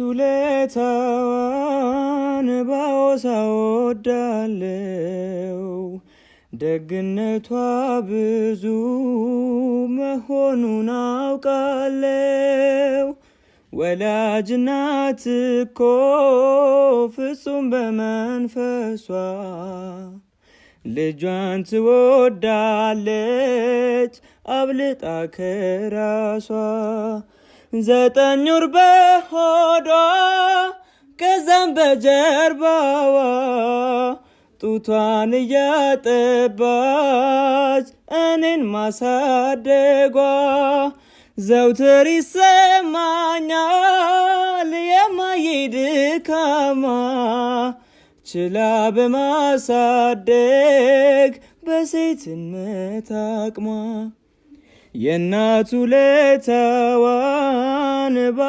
ውለታዋን ባወሳ ወዳለው ደግነቷ ብዙ መሆኑን አውቃለው። ወላጅ እናት እኮ ፍጹም በመንፈሷ ልጇን ትወዳለች አብልጣ ከራሷ ዘጠኝ ወር በሆዷ ከዛም በጀርባዋ ጡቷን እያጠባች እኔን ማሳደጓ ዘውትር ይሰማኛል የማዬ ድካማ ችላ በማሳደግ በሴትነት አቅሟ የእናቱ ለተዋንባ